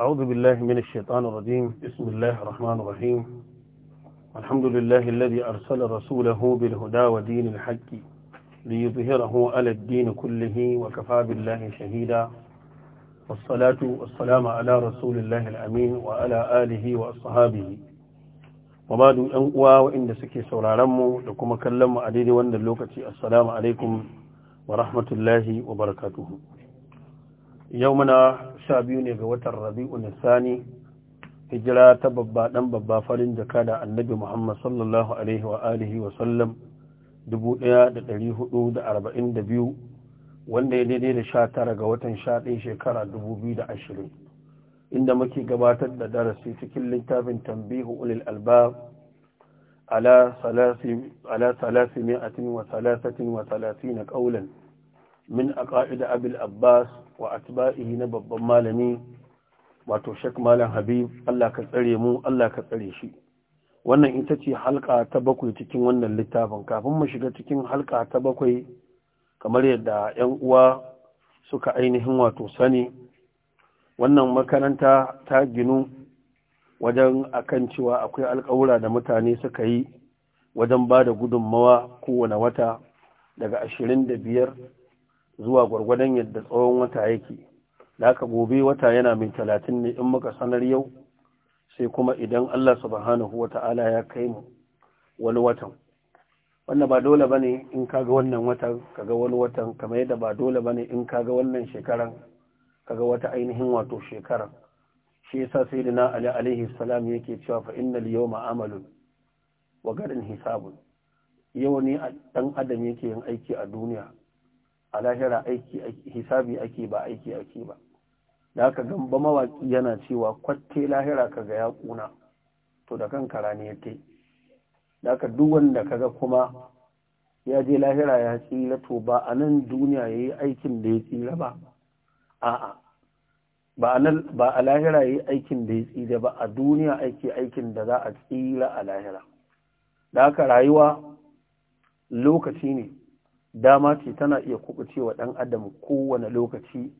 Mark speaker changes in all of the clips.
Speaker 1: أعوذ بالله من الشيطان الرجيم بسم الله الرحمن الرحيم الحمد لله الذي أرسل رسوله بالهدى ودين الحق ليظهره على الدين كله وكفى بالله شهيدا والصلاة والسلام على رسول الله الأمين وعلى آله وأصحابه دو أنقوى وإن سكي سورارمو لكم أكلم أديني وأن اللوكة السلام عليكم ورحمة الله وبركاته yau muna sha biyu ne ga watan rabi'u nisani hijira ta babba dan babba farin jaka da annabi muhammad sallallahu alaihi wa alihi wa sallam 1442 wanda ya daidai da sha tara ga watan sha ɗaya shekara 2020 inda muke gabatar da darasi cikin littafin tambihu ulil albab ala mi'atin wa salasatin wa salasi na ƙaulan min a ƙa'ida abul abbas wa atba'ihi na babban malami wato shek malam habib Allah ka tsare mu Allah ka tsare shi wannan ita ce halka ta bakwai cikin wannan littafin kafin mu shiga cikin halka ta bakwai kamar yadda 'yan uwa suka ainihin wato sani wannan makaranta ta ginu wajen akan cewa akwai alkawura da mutane suka yi wajen ba da gudummawa kowane wata daga ashirin da biyar zuwa gwargwadon yadda tsawon wata yake da aka gobe wata yana min talatin ne in muka sanar yau sai kuma idan Allah subhanahu wa ta'ala ya kai mu wani watan wannan ba dole bane in kaga wannan watan kaga wani watan kamar yadda ba dole bane in kaga wannan shekaran kaga wata ainihin wato shekaran shi yasa sayyidina ali alaihi salam yake cewa fa innal yawma amalun wa gadan hisabun yau ne dan adam yake yin aiki a duniya a lahira aiki hisabi ake ba aiki ake ba da gan gamba mawaki yana cewa kwatte lahira kaga ya kuna to da kan kara ne yake da aka duk wanda ka ga kuma ya je lahira ya tsira to ba a nan duniya ya yi aikin da ya tsira ba a'a ba a lahira ya yi aikin da ya tsira ba a duniya ake aikin da za a tsira a lahira da aka rayuwa lokaci ne dama ce tana iya kubucewa ɗan adam kowane lokaci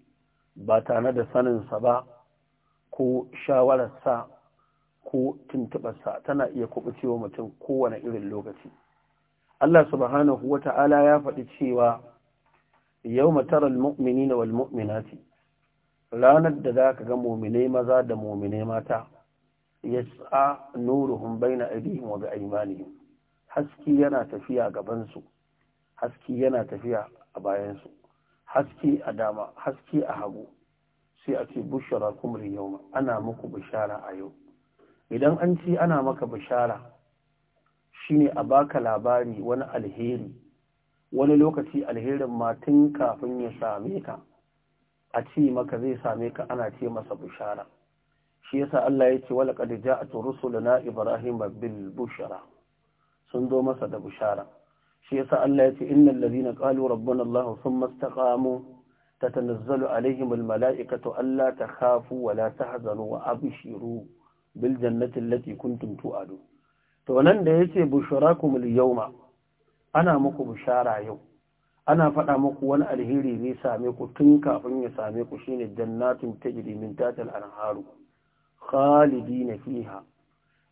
Speaker 1: ba tare da saninsa ba ko shawararsa ko tuntuɓarsa tana iya kubucewa mutum kowane irin lokaci Allah subhanahu wa ta'ala ya faɗi cewa yau matarar mu'mini na walmu'minati ranar da za ka ga mominai maza da mominai mata ya tsa nuruhun bai na wa ga imanihim Haski yana tafiya gabansu haske yana tafiya a bayansu haske a dama haske a hagu sai a ce bushara kumri yau ana muku bishara a yau idan an ce ana maka bishara shine a baka labari wani alheri wani lokaci alherin ma tun kafin ya same ka a ce maka zai same ka ana ce masa bishara shi yasa Allah ya ce wala qad ja'at rusuluna ibrahim bil bushara sun zo masa da bishara shi yasa Allah ya ce innal ladhina qalu rabbana Allah thumma istaqamu tatanazzalu alaihim almala'ikatu alla takhafu wa la tahzanu wa abshiru bil jannati allati kuntum tu'adu to nan da yace bushrakumul yawma ana muku bushara yau ana faɗa muku wani alheri zai same ku tun kafin ya same ku shine jannatin tajri min tahtil anharu khalidina fiha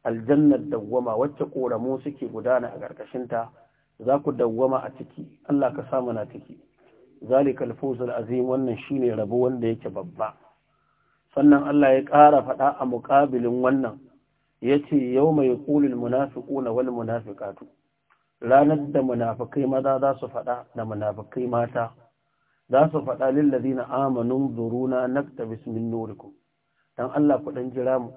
Speaker 1: aljannar dawwama wacce koramu suke gudana a ƙarƙashinta za ku dawwama a ciki Allah ka samu na ciki zalikal fawzul azim wannan shine rabo wanda yake babba sannan Allah ya ƙara faɗa a mukabilin wannan yace yawma yaqulul munafiquna wal munafiqatu ranar da munafikai maza za su faɗa da munafikai mata za su faɗa ladina amanu zuruna naktabis min nurikum dan Allah ku dan jira mu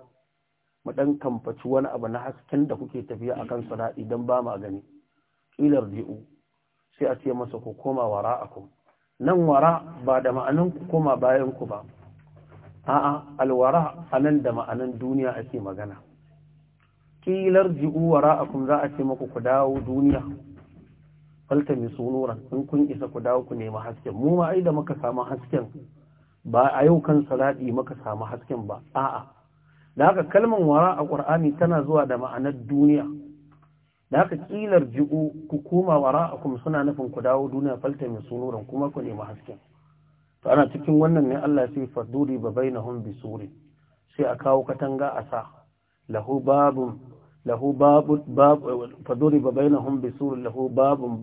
Speaker 1: mu dan kamfaci wani abu na hasken da kuke tafiya akan sana idan ba mu gani ƙilar ji'u sai a ce masa ku koma wara akum nan wara ba da ma'anin ku koma bayan ba a'a alwara anan da ma'anin duniya ake magana ƙilar ji'u wara akum za a ce maku ku dawo duniya falta sunuran in kun isa ku dawo ku nemi hasken mu ma ai muka samu hasken ba a yau kan salati muka samu hasken ba a'a da haka kalmar wara a ƙur'ani tana zuwa da ma'anar duniya da haka kilar ji'u ku koma wara'akum suna nufin ku dawo duniya falta mai sunuran kuma ku nemi hasken to ana cikin wannan ne Allah sai faduri ba bainahum bi suri sai a kawo katanga a sa lahu babun lahu babu faduri ba bainahum bi suri lahu babun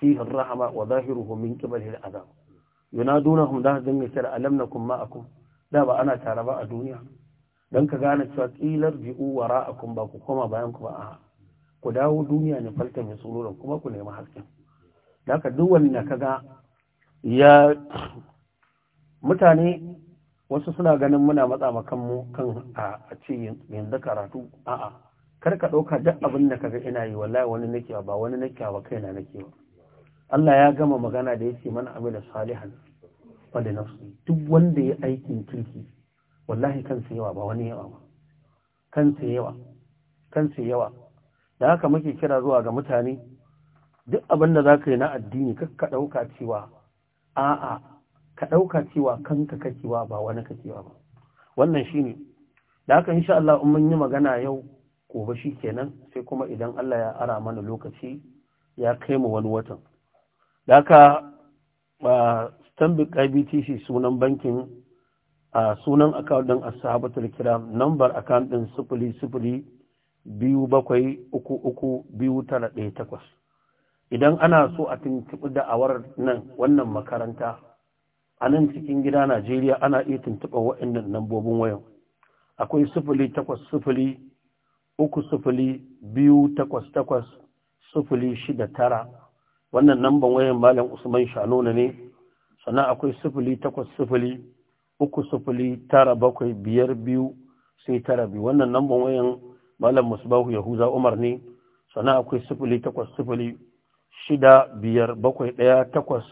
Speaker 1: fihi rahama wa zahiruhu min qibalihi al'azab yunadunahum da hadin misal alam nakum ma'akum da ba ana tare ba a duniya dan ka gane cewa kilar ji'u wara'akum ba ku koma bayan ku ba a'a ku dawo duniya ne falta mai da kuma ku nemi hasken da haka duk na kaga ya mutane wasu suna ganin muna matsa ma kanmu kan a ce yanzu karatu a'a kar ka ɗauka duk abin da kaga ina yi wallahi wani nake ba wani nake ba kaina nake ba Allah ya gama magana da yace mana amila salihan fa na duk wanda ya aikin kirki wallahi kansa yawa ba wani yawa ba kansa yawa kansa yawa da haka muke kira zuwa ga mutane duk abin da za ka yi na addini ka ɗauka cewa a'a ka ɗauka cewa kanka kakewa ba wani kakewa ba wannan shi ne da haka insha Allah in mun yi magana yau gobe shi kenan sai kuma idan Allah ya ara mana lokaci ya kai mu wani watan da haka stanbic ibtc sunan bankin a sunan akawun ɗin asabatul kiram nambar akawun ɗin sifili sifili biyu bakwai uku uku biyu tara ɗaya takwas idan ana so a tuntuɓi da'awar nan wannan makaranta a nan cikin gida najeriya ana iya tuntuɓa wa'annan lambobin wayan akwai sufuli takwas sufuli uku sufuli biyu takwas takwas sufuli shida tara
Speaker 2: wannan namban wayan
Speaker 1: malam usman shanona ne sannan akwai sufuli takwas sufuli uku sufuli tara bakwai biyar biyu sai tara biyu wannan namban wayan malam musbahu yahuza umar ne sannan akwai sifili takwas sifili shida biyar bakwai ɗaya takwas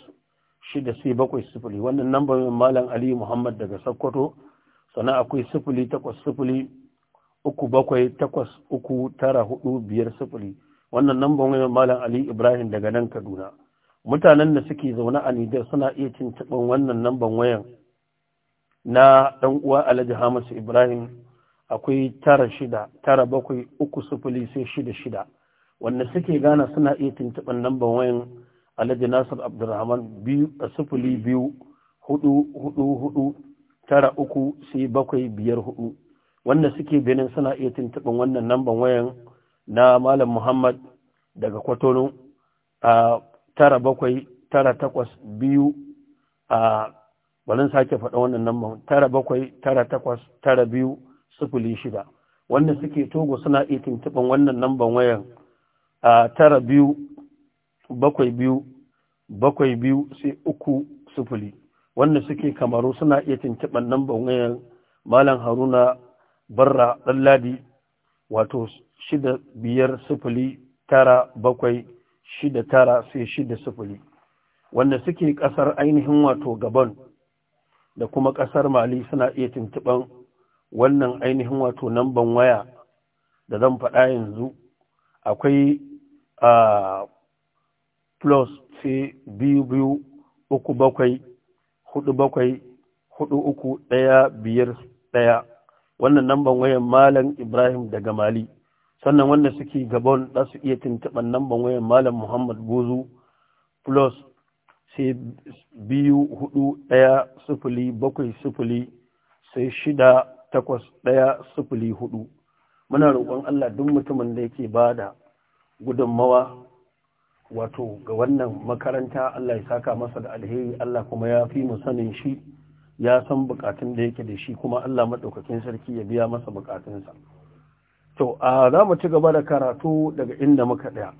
Speaker 1: shida sai bakwai sifili wannan nambarin malam aliyu muhammad daga sokoto sannan akwai sifili takwas sifili uku bakwai takwas uku tara hudu biyar sifili wannan nambarin malam ali ibrahim daga nan kaduna mutanen da suke zaune a nijar suna iya cin wannan namban wayan na ɗan uwa alhaji hamisu ibrahim akwai tara shida tara bakwai uku sufuli sai shida shida wanda suke gana suna iya tuntuɓar lambar wayan alhaji nasir abdulrahman biyu a sufuli biyu hudu hudu hudu tara uku sai bakwai biyar hudu wanda suke benin suna iya tuntuɓar wannan lambar wayan na malam muhammad daga kwatano a tara bakwai tara takwas biyu a balin sake faɗa wannan lambar tara bakwai tara takwas tara biyu sufuli shida wanda suke togo suna iya tuntuɓin wannan namban wayan a tara biyu bakwai biyu bakwai biyu sai uku sufuli wanda suke kamaru suna iya tuntuɓin namban wayan malam haruna barra ladi wato shida biyar sufuli tara bakwai shida tara sai shida sufuli wanda suke ƙasar ainihin wato gabon da kuma ƙasar mali suna iya tuntuɓin wannan ainihin wato namban waya da zan faɗa yanzu akwai a plus sai biyu biyu uku bakwai hudu bakwai hudu uku ɗaya biyar ɗaya wannan namban wayan malam ibrahim daga mali sannan wanda suke gabon za su iya tuntuɓar namban wayan malam muhammad gozu plus sai biyu hudu ɗaya sufuli bakwai sufuli sai shida takwas ɗaya sifili hudu muna hmm. roƙon Allah duk mutumin da yake ba da gudunmawa wato ga wannan makaranta Allah ya saka masa da alheri Allah kuma ya fi mu sanin shi ya san bukatun da yake da shi kuma Allah maɗaukakin sarki ya biya masa bukatunsa to a za mu ci gaba da karatu daga inda muka ɗaya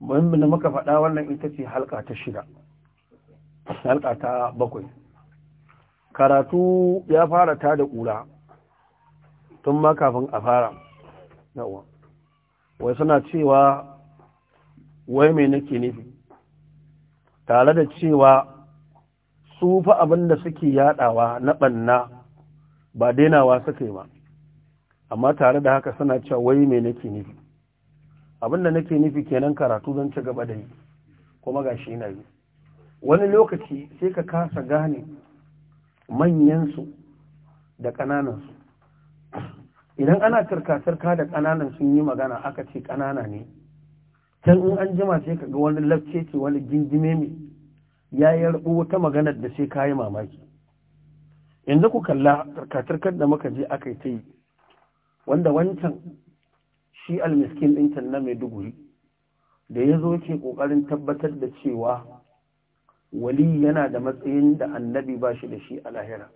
Speaker 1: muhimmin da muka faɗa wannan ita ce halka ta shida halka ta bakwai karatu ya fara ta da ƙura tun ma kafin a fara yawa wai suna cewa wai mai nake nufi tare da cewa su fa abin da suke yaɗawa na banna ba dainawa suka yi ba amma tare da haka suna cewa wai mai nake nufi abinda nake nufi kenan karatu zan ci gaba da yi kuma ga shi na yi wani lokaci sai ka kasa gane manyansu da ƙananansu idan ana karkatarka ka da ƙananan sun yi magana aka ce ƙanana ne can in an jima sai ka ga wani lafce ce wani gingime mai ya yi rabu wata maganar da sai kayi mamaki yanzu ku kalla karkatarkar da muka je aka yi ta yi wanda wancan shi almiskin ɗin can na duguri da ya zo ke ƙoƙarin tabbatar da cewa wali yana da matsayin da annabi ba shi da shi a lahira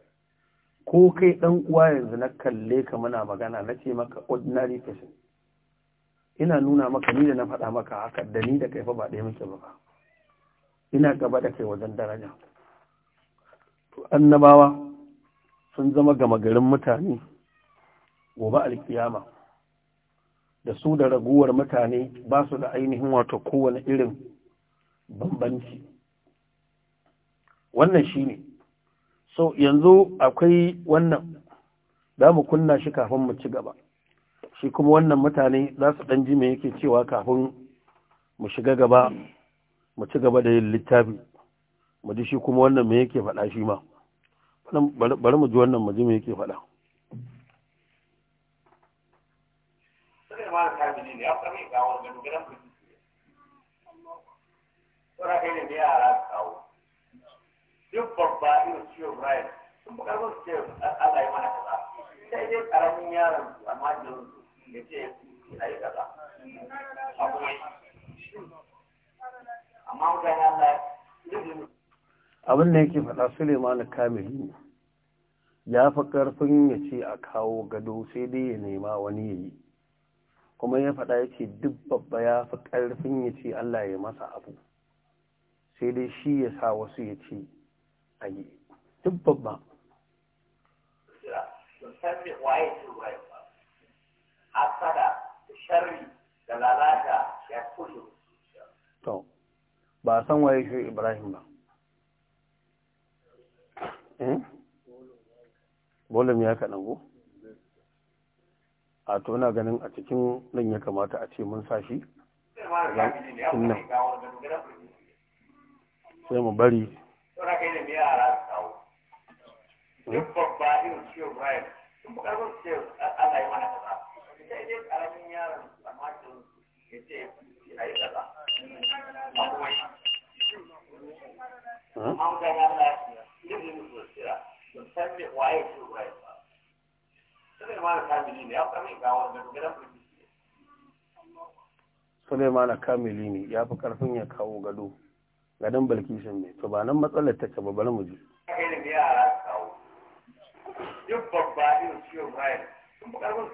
Speaker 1: ko kai ɗan uwa yanzu na kalle ka muna magana na ce maka ordinary person ina nuna maka ni da na faɗa maka haka da ni da kai fa ba ɗaya muke ba ina gaba da kai wajen daraja to annabawa sun zama gama garin mutane gobe alkiyama da su da raguwar mutane ba su da ainihin wato kowane irin bambanci wannan shi ne so yanzu akwai wannan za mu kunna shi kafin mu ci gaba shi kuma wannan mutane za su ɗan ji me yake cewa kafin mu shiga gaba mu ci gaba da yin littafi mu ji shi kuma wannan mai yake faɗa shi ma bari mu ji wannan mu ji mai yake faɗa
Speaker 2: ne ya duk babba irin ciwon raya sun fi zuwa su ce Allah yi mana kaza sai dai karamin yaron su amma da su ya ce a yi kaza a kuma yi amma mutane Allah
Speaker 1: abin da yake faɗa Suleiman Kamili ya fi ƙarfin ya ce a kawo gado sai dai ya nema wani ya yi kuma ya faɗa ya ce duk babba ya fi ƙarfin ya ce Allah ya masa abu sai dai shi ya sa wasu ya ce a yi duk babba ya to ba san waye shi ibrahim ba eh bolum ya kaɗan ko a to ganin a cikin nan ya kamata a ce mun sa sashi sai mu bari Saura kai da biya a su kawo.
Speaker 2: Duk babba irin ciwo Brian, sun ce yi mana kaza. karamin yaron a makin ya ce a yi kaza. A ne sun san me waye ciwo Brian ba. kamili ne, ya gawa da
Speaker 1: Suleimana kamili ne, ya fi karfin ya kawo gado. garin bilkishin ne to ba nan matsalar ta ce ba mu ji
Speaker 2: irin yara kawo duk babba irin ciwon ya sai dai yaron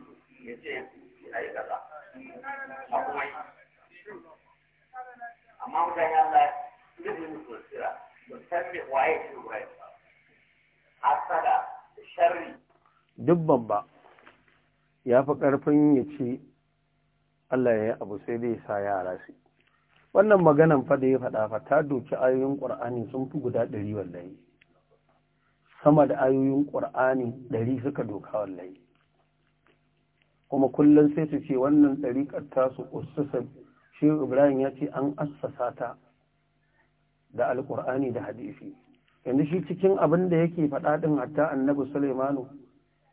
Speaker 2: su su ya a yi a kuma yi waye
Speaker 1: duk babba ya fi ƙarfin ya ce Allah ya yi abu sai dai sa yara su wannan maganan fa da ya faɗa fa ta doki ayoyin ƙur'ani sun fi guda ɗari wallahi sama da ayoyin ƙur'ani ɗari suka doka wallahi kuma kullum sai su ce wannan ɗariƙar su ususa shi ibrahim ya ce an assasa ta da alƙur'ani da hadisi yanzu shi cikin abin da yake faɗaɗin hatta annabi sulaimanu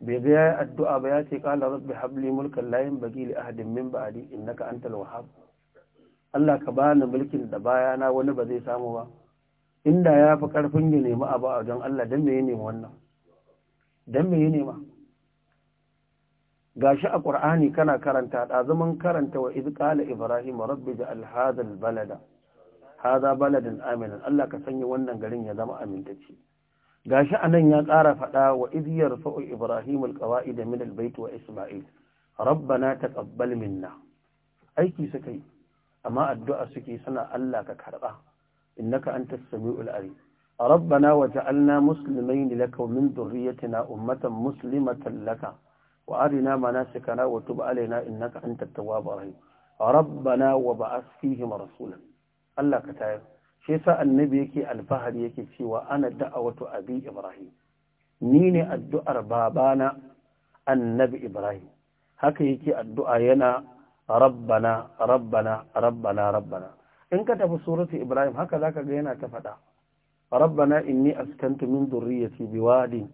Speaker 1: bai ga yayi addu'a ba ya ce kala rabbi habli mulkan la yanbaghi li ahadin min ba'di innaka antal wahhab Allah ka bani mulkin da baya na wani ba zai samu ba inda ya fi karfin ya nemi abu a don Allah dan me ya wannan dan me ya nema gashi a Qur'ani kana karanta da zaman karanta wa iz qala ibrahim rabbi ja'al hadha al balada hadha baladan aminan Allah ka sanya wannan garin ya zama amintacce gashi anan ya ƙara faɗa wa idiyar fa'u Ibrahim alƙawa'i da min albayt wa Isma'il rabbana taqabbal minna aiki suka yi amma addu'a suke sana Allah ka karba innaka antas samiul alim ربنا وجعلنا مسلمين لك ومن ذريتنا أمة مسلمة لك وأرنا مناسكنا وتب علينا إنك أنت التواب الرحيم ربنا fihim rasulan, Allah ka tayar. shi yasa annabi yake alfahari yake cewa ana da'awatu abi ibrahim ni ne addu'ar babana annabi ibrahim haka yake addu'a yana rabbana rabbana rabbana rabbana in ka tafi suratu ibrahim haka zaka ga yana ta faɗa rabbana inni askantu min dhurriyyati biwadin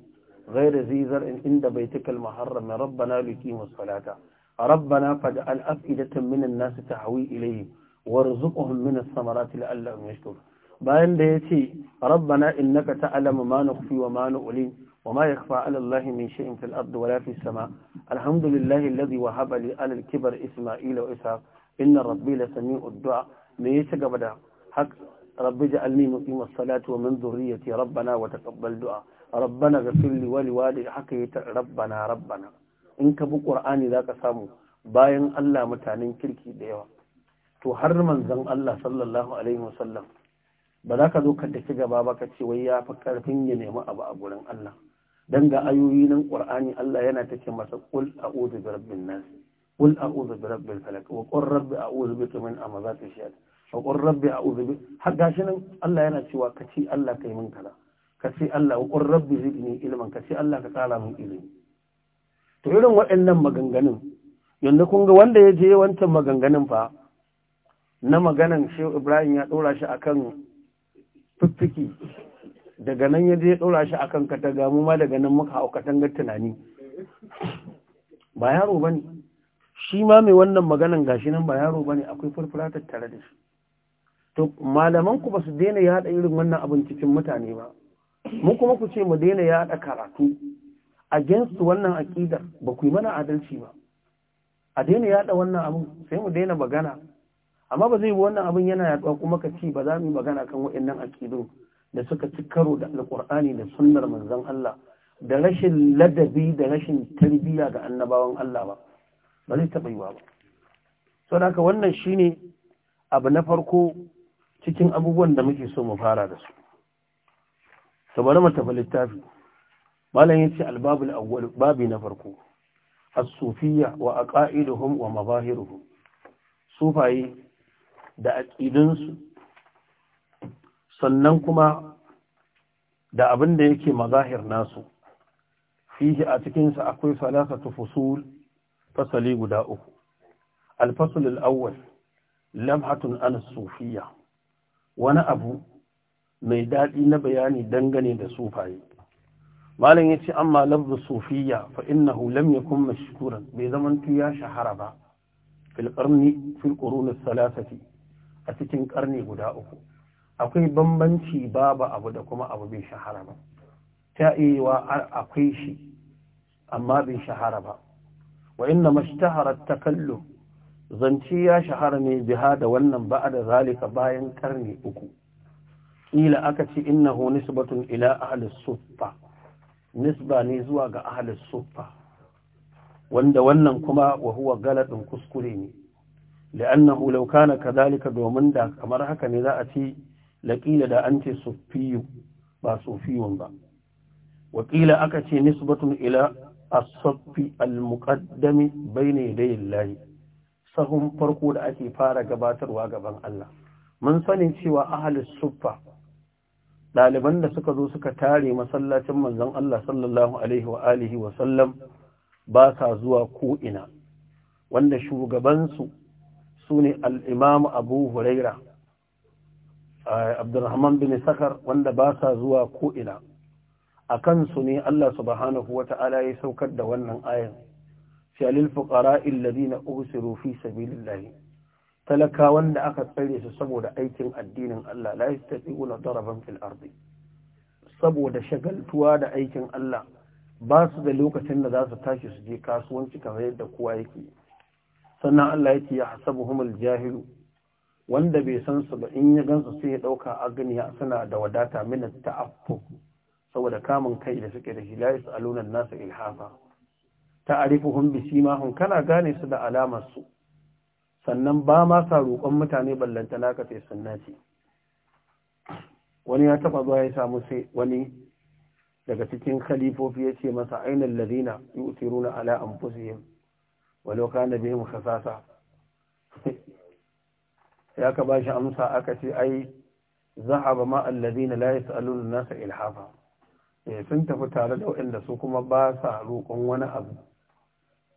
Speaker 1: غير ذي زرع عند بيتك المحرم ربنا لقيموا الصلاه ربنا فاجعل أفئدة من الناس تهوي إليهم warzuqhum min as-samarati la'allahum yashkurun bayan da yace rabbana innaka ta'lamu ma nukhfi wa ma nu'lin wa ma yakhfa 'ala allahi min shay'in fil ardi wa la fis sama' alhamdulillahi alladhi wahaba li 'ala al-kibar isma'ila wa ishaq inna rabbi la sami'ud du'a me yace gaba da hak rabbi ja'alni muqima as-salati wa min dhurriyyati rabbana wa taqabbal du'a rabbana ghfir li wa liwalidayya haka yace rabbana rabbana in ka bi qur'ani zaka samu bayan Allah mutanen kirki da yawa to har manzon Allah sallallahu alaihi wasallam ba za ka zo ka tafi gaba ba ka ce wai ya fi karfin ya nemi abu a gurin Allah dan ga ayoyi nan Qur'ani Allah yana ta ce masa qul a'udhu bi rabbin nas qul a'udhu bi rabbil falak wa qur rabbi a'udhu bika min amazati shayatin wa qur rabbi a'udhu bi har gashi nan Allah yana cewa ka ce Allah kai min kaza ka ce Allah wa qur rabbi zidni ilman ka ce Allah ka kara min ilimi to irin waɗannan maganganun yanzu kun ga wanda ya je wancan maganganun fa na maganan shehu ibrahim ya ɗora shi akan fiffiki daga nan ya je ɗora shi akan kataga mu ma daga nan muka hau katangar tunani ba yaro ba ne shi ma mai wannan maganan gashi nan ba yaro ba ne akwai furfura tattare da shi to malaman ku ba su daina yaɗa irin wannan abin cikin mutane ba mu kuma ku ce mu daina yaɗa karatu against wannan aƙidar ba ku yi mana adalci ba a daina yaɗa wannan abin sai mu daina magana amma ba zai wannan abin yana yaduwa kuma ka ci ba za mu yi magana kan waɗannan aƙidu da suka ci karo da alƙur'ani da sunnar manzon Allah da rashin ladabi da rashin tarbiyya ga annabawan Allah ba ba zai taɓa yiwa ba saboda wannan shine abu na farko cikin abubuwan da muke so mu fara da su saboda mu tafi littafi malam yace albabul awwal babi na farko as-sufiyya wa aqaiduhum wa mabahiruhum sufaye da aƙidinsu sannan kuma da abin da yake mazahir nasu fihi a cikinsa akwai ta fusul fasali guda uku alfasul al'awwal lamhatun an sufiya wani abu mai daɗi na bayani dangane da sufaye malam ya ce amma lafzu sufiya fa innahu lam yakun mashkuran bai zaman ya shahara ba fil qarni fil qurun as-salasati a cikin karni guda uku akwai bambanci babu abu da kuma abu bai shahara ba ta iya akwai shi amma bai shahara ba wa inna mashtaharar takallu zance ya shahara ne biha da wannan ba da zalika bayan karni uku ila aka ce hu nisbatun ila ahli suffa nisba ne zuwa ga ahli suffa wanda wannan kuma wa huwa galadin kuskure ne لأنه لو كان كذلك دومن دا كمر هكا نذا أتي لقيل دا أنت صفي با صوفي با وقيل أكتي نسبة إلى الصف المقدم بين يدي الله sahun farko da ake fara gabatarwa gaban Allah. Mun sani cewa ahalus suffa ɗaliban da suka zo suka tare masallacin manzon Allah sallallahu Alaihi ba sa zuwa ko'ina, wanda shugabansu su ne al'imam abu huraira abdurrahman bin sakar wanda ba sa zuwa ko'ina a kansu ne Allah subhanahu wa ta'ala ya saukar da wannan ayan shalil illadi na uhsiru fi sabilillahi talaka wanda aka tsare su saboda aikin addinin Allah la wuna daraban fil ardi saboda shagaltuwa da aikin Allah ba su da lokacin da za su tashi su je kasuwanci kamar yadda kowa yake sannan Allah yake ya hasabuhumul jahilu wanda bai san su ba in ya gansu sai ya dauka agniya suna da wadata min ta'affu saboda kamun kai da suke da shi la yasaluna nasa ilhafa ta'rifuhum bi simahum kana gane su da alamar su sannan ba ma sa roƙon mutane ballanta naka sai sunnati wani ya taba zuwa ya samu sai wani daga cikin khalifofi ya ce masa ainal ladina yu'tiruna ala anfusihim walau kana bihim khasasa ya ka bashi amsa aka ce ai zahaba ma alladhina la yas'aluna an-nasa ilhafa eh sun tafi tare da waɗanda su kuma ba sa roƙon wani abu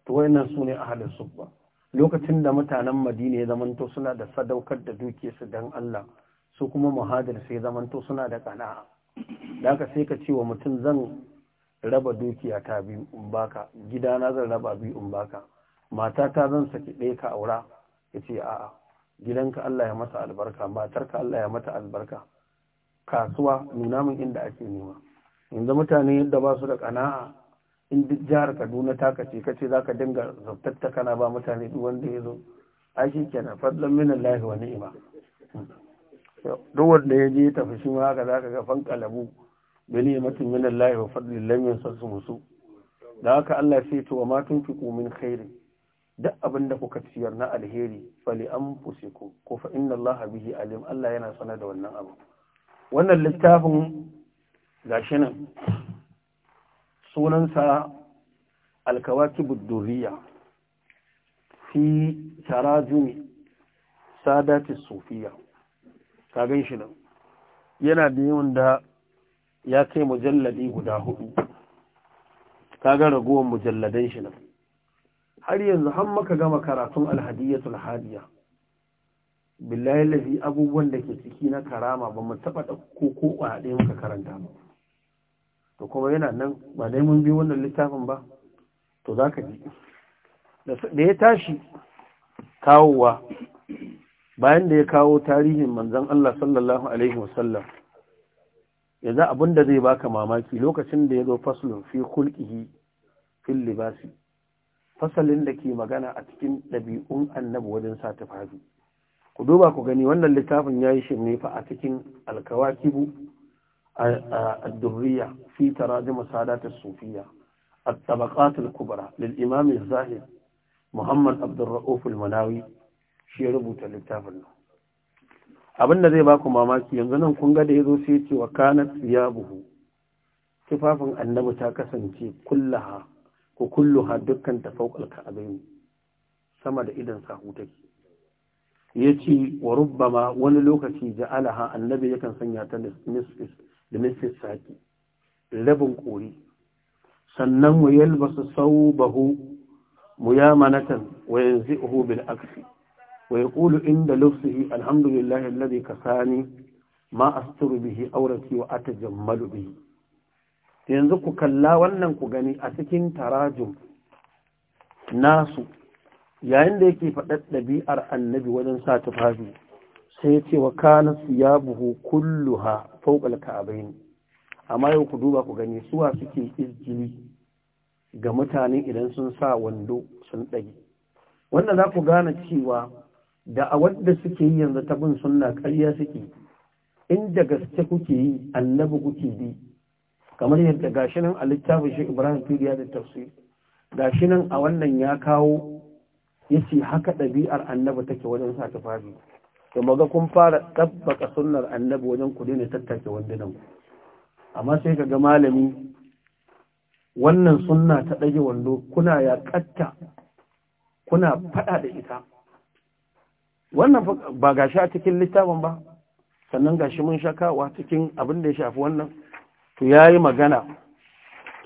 Speaker 1: to wayannan su ne ahlus subba lokacin da mutanen Madina ya zamanto suna da sadaukar da dukiyarsu dan Allah su kuma muhajir sai zamanto suna da kana'a da sai ka ce wa mutum zan raba dukiya ta biyu in baka gidana zan raba biyu in baka mata ta zan saki ɗaya ka aura ya ce a'a gidanka Allah ya masa albarka matarka Allah ya mata albarka kasuwa nuna min inda ake nema yanzu mutane yadda ba su da ƙana'a. in duk jihar Kaduna ta kace kace zaka dinga zaftatta kana ba mutane duk wanda ya zo ai shi kenan fadlan min Allah wa ni'ima duk wanda ya je tafi shi ma haka zaka ga fankalabu kalabu bi ni'matin min Allah wa fadlin lam sassu musu da haka Allah sai to wa ma tunfiqu min khairin duk abin da kuka ciyar na alheri fali an fuse ku ko fa inna Allah bihi alim Allah yana sanar da wannan abu wannan littafin gashi nan sunansa Alkawaki durriya fi tarajumi sadati sufiya ka gan shi nan yana da yawan da ya kai mujalladi guda hudu ka ga ragowar mujalladan shi nan har yanzu har maka gama karatun alhadiyatul hadiya billahi lafi abubuwan da ke ciki na karama ba mu taɓa ɗauko ko a haɗe muka karanta ba to kuma yana nan ba dai mun bi wannan littafin ba to za ka ji da ya tashi kawowa bayan da ya kawo tarihin manzon Allah sallallahu Alaihi wasallam yanzu abin da zai baka mamaki lokacin da ya zo faslun fi kulkihi fil libasi fasalin da ke magana a cikin ɗabi'un annabi wajen sa tufafi ku duba ku gani wannan littafin ya yi shirme fa a cikin alkawakibu a durriya fi tarajim sadat sufiya Kubra الكبرى للإمام الزاهد Muhammad عبد الرؤوف manawi shi rubuta littafin nan abin da zai baku mamaki yanzu nan kun ga da yazo sai ce wa kanat buhu, tufafin annabi ta kasance kullaha Ku kullu ha dukkan ta fawqal sama da idan sahu take yace wa rubbama wani lokaci ja'alaha annabi yakan sanya ta nisfis da saki rabin kori sannan mu yalbasa saubahu muyamanatan wa yanzihu bil aksi wa Kulu inda lufsihi alhamdulillahi alladhi kasani ma asturu bihi aurati wa atajammalu bihi yanzu ku kalla wannan ku gani a cikin tarajum nasu yayin da yake faɗa ɗabi'ar annabi wajen sa tufafi sai ce wa kana siyabuhu kulluha fawqal ka'bayn amma yau ku duba ku gani suwa suke izini ga mutane idan sun sa wando sun ɗage wannan za ku gane cewa da a wadda suke yi yanzu ta bin sunna ƙarya suke inda gaske kuke yi annabi kuke bi kamar yadda gashi nan a littafin shi ibrahim filiya da tafsir gashi nan a wannan ya kawo ya ce haka ɗabi'ar annabi take wajen sa tufafi to maga kun fara tabbaka sunnar annabi wajen ku daina tattake wandunan amma sai kaga malami wannan sunna ta ɗage wando kuna ya katta kuna faɗa da ita wannan ba gashi a cikin littafin ba sannan gashi mun shakawa cikin abin da ya shafi wannan to ya yi magana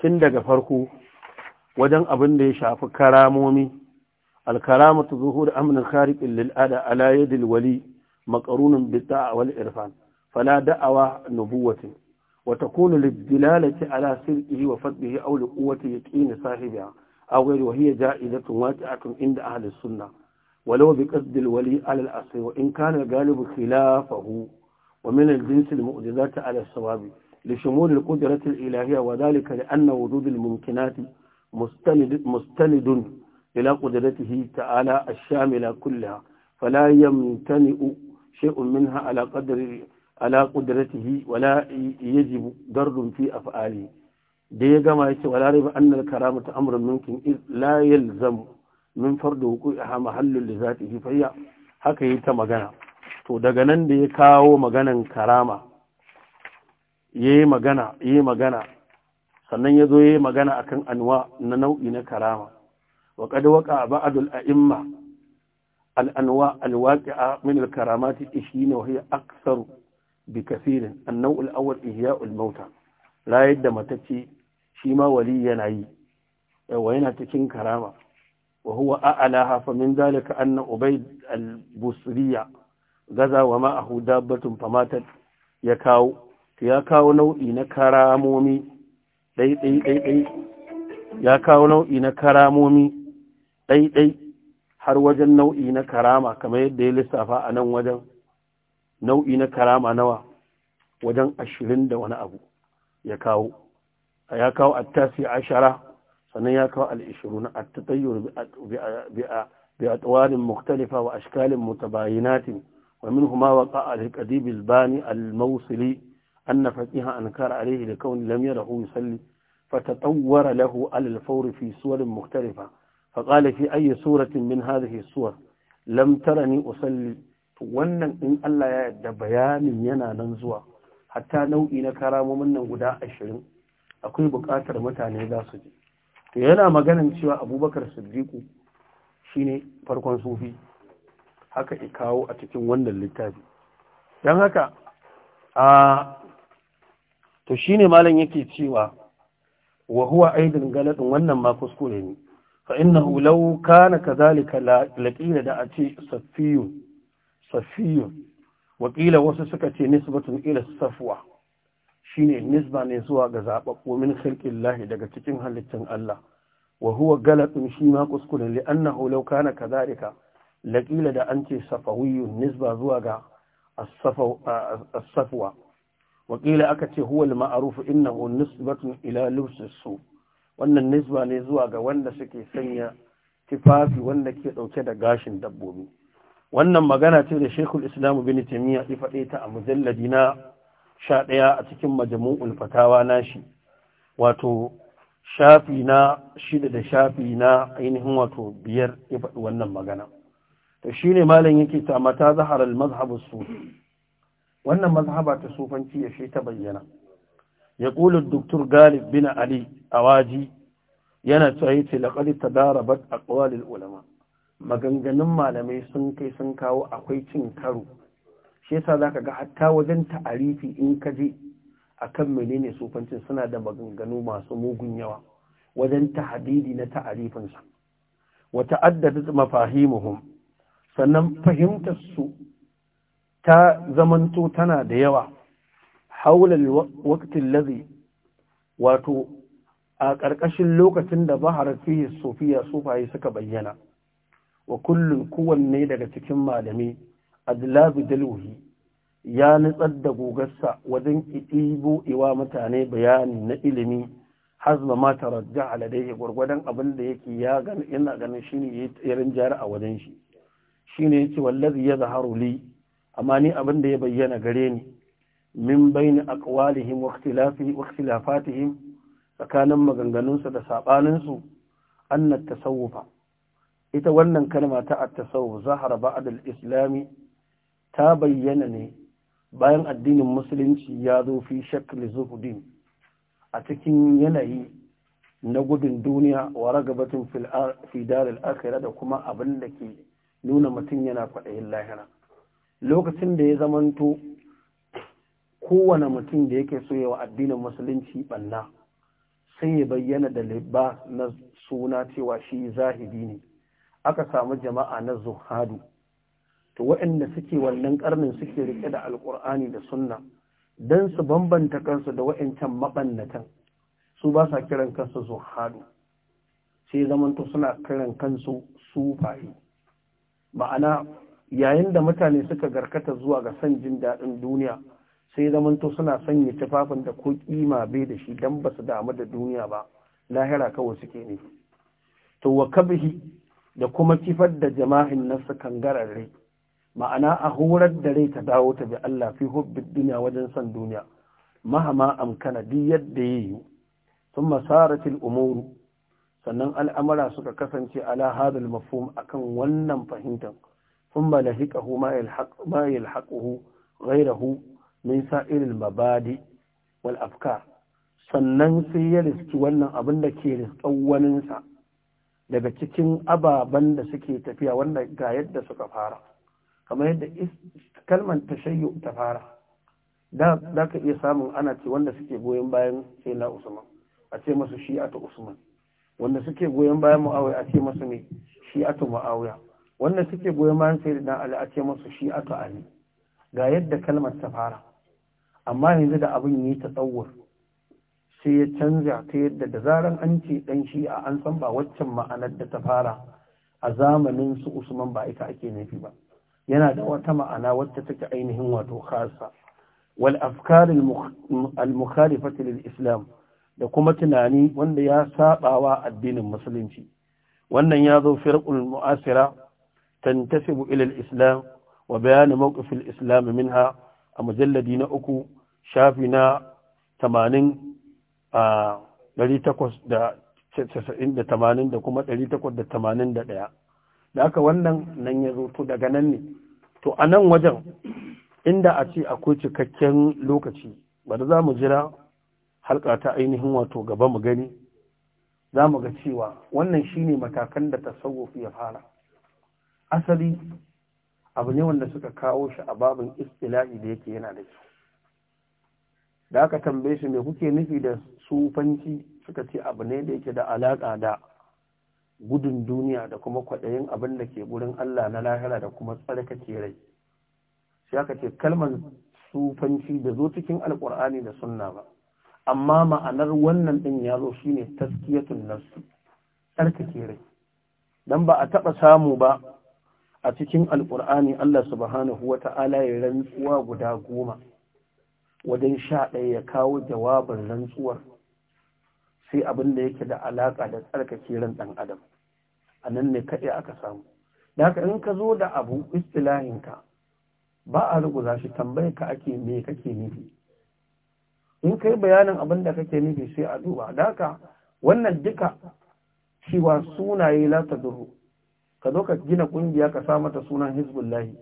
Speaker 1: tun daga farko wajen abin da ya shafi karamomi alkaramatu zuhur amnin khariqin lil ada ala yadil wali makarunan bi a wani irfan fala da'awa nubuwatin wa takunu lid dilalati ala sirqihi wa ya aw li quwwati yaqin sahibiha aw ghayri wa hiya ja'idatun waqi'atun inda ahli sunnah ولو بقصد الولي على الأصل وإن كان الغالب خلافه ومن الجنس المؤجزات على الصواب لشمول القدرة الإلهية وذلك لأن وجود الممكنات مستند, مستند إلى قدرته تعالى الشاملة كلها فلا يمتنئ شيء منها على قدر على قدرته ولا يجب ضر في أفعاله da ya gama yake wala riba annal karamata amrun mumkin iz la yalzam min fardu huquqiha mahallul li zatihi fa haka yi ta magana to daga nan da ya kawo maganan karama Yi magana yayi magana sannan ya zo yi magana akan anwa na nau'i na karama wa qad waqa ba'dul a'imma al anwa al waqi'a min al ta ishina wa hiya aksaru. bi kathirin an naw' al awwal ihya' al mauta matacce shi ma wali yana yi yawa yana cikin karama وهو أعلاها al-Busriya. Gaza wa ma غزا tun famatar ya kawo. ya kawo nau'i na karamomi ɗai-ɗai-ɗai ya kawo nau'i na karamomi ɗai-ɗai har wajen nau'i na karama kamar yadda ya lissafa a nan wajen nau'i na karama nawa wajen ashirin da wani abu ya kawo ya kawo attasi ashara sannan ya kawo al'ishiru na attatayyar بأطوال مختلفة وأشكال متباينات ومنهما وقع الكذيب al الموصلي أن فقيها أنكر عليه لكون لم يره يصلي فتطور له على الفور في صور مختلفة فقال في أي سورة من هذه الصور لم ترني أصلي wannan in Allah ya yarda bayanin yana nan zuwa hatta nau'i na karamomin nan guda ashirin akwai buƙatar mutane za su ji to yana maganin cewa abubakar siddiqu shine farkon sufi haka ikawo a cikin wannan littafi don haka a to shine malam yake cewa wa huwa aidan galadin wannan ma kuskure ne fa innahu law kana kadhalika laqila da ati safiyu safiyu qila wasu suka ce nisbatu ila safwa shine nisba ne zuwa ga zababbu min khalqillahi daga cikin halittun Allah wa huwa galatun shi ma kuskure li annahu law kana kadhalika laqila da an safawiyu nisba zuwa ga as-safwa wakila aka ce huwal ma'arufu innahu nisbatun ila lubsis su wannan nisba ne zuwa ga wanda suke sanya tifafi wanda ke dauke da gashin dabbobi wannan magana ce da Sheikhul Islam Ibn Taymiyyah ya faɗe ta a mujalladi na 11 a cikin Majmu'ul Fatawa nashi wato shafi na shida da shafi na ainihin wato biyar ya faɗi wannan magana to shine malam yake ta mata zahara al-mazhabu sufi wannan mazhaba ta sufanci ya ta bayyana ya kula duktur galib bin ali awaji yana cewa yace laqad a aqwalul ulama maganganun malamai sun kai sun kawo akwai cin karo shi yasa zaka ga hatta wajen ta'arifi in ka je akan menene sufancin suna da maganganu masu mugun yawa wajen tahdidi na ta'arifinsa Wata ta'addadat mafahimuhum sannan fahimtar su ta zamanto tana da yawa haulal waqtin ladhi wato a ƙarƙashin lokacin da bahar fiye sofiya sufaye suka bayyana wa kullum kowanne daga cikin malami adlabi dalwuhi ya nutsar da gogarsa wajen ɗibo iwa mutane bayani na ilimi hazma ma tarajja aladaihi gwargwadon abin da yake ya yana ganin shine ya jari a wajen shi shine yace wallazi ya zaharu li amma ni abin da ya bayyana gare ni min bayni aqwalihim wa ikhtilafi wa ikhtilafatihim tsakanin maganganunsu da sabaninsu anna tasawufa ita wannan kalma ta at-tasawuf zahara ba'd al-islami ta bayyana ne bayan addinin musulunci ya zo fi shakl zuhudin a cikin yanayi na gudun duniya wa ragabatin fi dar al-akhirah da kuma abin da ke nuna mutum yana kwaɗayin lahira lokacin da ya zamanto kowane mutum da yake so yawa addinin musulunci banna sai ya bayyana da libba na suna cewa shi zahidi ne aka samu jama'a na zuhadu to waɗanda suke wannan ƙarnin suke rike da alƙur'ani da sunna don su bambanta kansu da wa'incan maɓannatan, su ba sa kiran kansu zuhadu sai zamanto suna kiran kansu sufaye ma'ana yayin da mutane suka garkata zuwa ga san jin daɗin duniya sai zamanto suna sanya tufafin da ko kima bai da shi don ba su damu da duniya ba lahira kawai suke ne to wa kabihi da kuma kifar da jama'in su kan gararre, ma'ana a horar da rai ta dawo ta bi Allah fi hubbid duniya wajen san duniya mahama amkana duk yadda ya yi. sun masaratil umuru sannan al'amura suka kasance ala hadal mafhum akan wannan fahimtar ثم لهقه ما يلحق ما يلحقه غيره من سائر المبادئ والافكار wal afkar sannan sai ya riski wannan abin da ke riskan waninsa daga cikin ababen da suke tafiya wanda ga yadda suka fara kamar yadda kalmar tashayyu ta fara da ka iya samun ana ce wanda suke goyon bayan sayyidina usman a ce masu shi'atu usman wanda suke goyon bayan mu'awiya a ce masu ne shi'atu mu'awiya wanda suke goyon bayan sayyidina ali a ce musu shi'atu ali ga yadda kalmar ta fara amma yanzu da abin yi ta tsawur sai ya canza ta yadda da zaran an ce dan shi'a an san ba waccan ma'anar da ta fara a zamanin su usman ba ita ake nufi ba yana da wata ma'ana wacce take ainihin wato khasa wal afkar al mukhalifati lil islam da kuma tunani wanda ya sabawa addinin musulunci wannan ya zo firqul mu'asira تنتسب إلى الإسلام وبيان موقف الإسلام منها مجلدين أكو شافنا تمانين ɗari na da casa'in da tamanin da kuma ɗari da tamanin wannan nan ya zo daga nan ne to a nan wajen inda a ce akwai cikakken lokaci bari za mu jira halka ta ainihin wato gaba mu gani za mu ga cewa wannan shine matakan da tasawuf ya fara asali abu ne wanda suka kawo shi a babin istilahi da yake yana da shi. da aka tambaye shi me kuke nufi da sufanci suka ce abu ne da yake da alaƙa da gudun duniya da kuma kwaɗayin abin da ke gurin Allah na lahira da kuma tsarkake rai shi aka ce kalmar sufanci da zo cikin alƙur'ani da sunna ba amma ma'anar wannan ɗin ya zo shi ne taskiyatun nafsi tsarkake rai dan ba a taɓa samu ba a cikin alƙur'ani Allah subhanahu wa ta'ala ya rantsuwa guda goma wajen sha ɗaya ya kawo jawabin rantsuwar sai abin da yake da alaƙa da tsarkake ran ɗan adam a nan ne kaɗai aka samu da haka in ka zo da abu istilahinka ba a ruguza shi tambayar ka ake me kake nufi in kai bayanin abin da kake nufi sai a duba da haka wannan duka cewa sunaye la ta duru ka zo ka gina kungiya ka sa mata sunan hizbullahi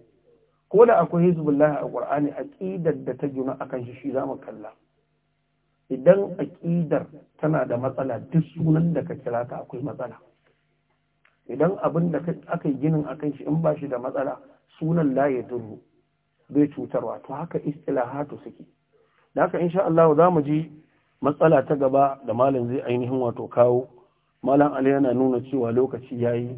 Speaker 1: ko da akwai hizbullahi a qur'ani aqidar da ta gina akan shi shi zamu kalla idan aqidar tana da matsala duk sunan da ka kira ta akwai matsala idan abin da aka yi ginin akan shi in ba shi da matsala sunan la ya duru bai cutarwa to haka istilahatu suke da haka insha Allah za mu ji matsala ta gaba da malam zai ainihin wato kawo malam ali yana nuna cewa lokaci yayi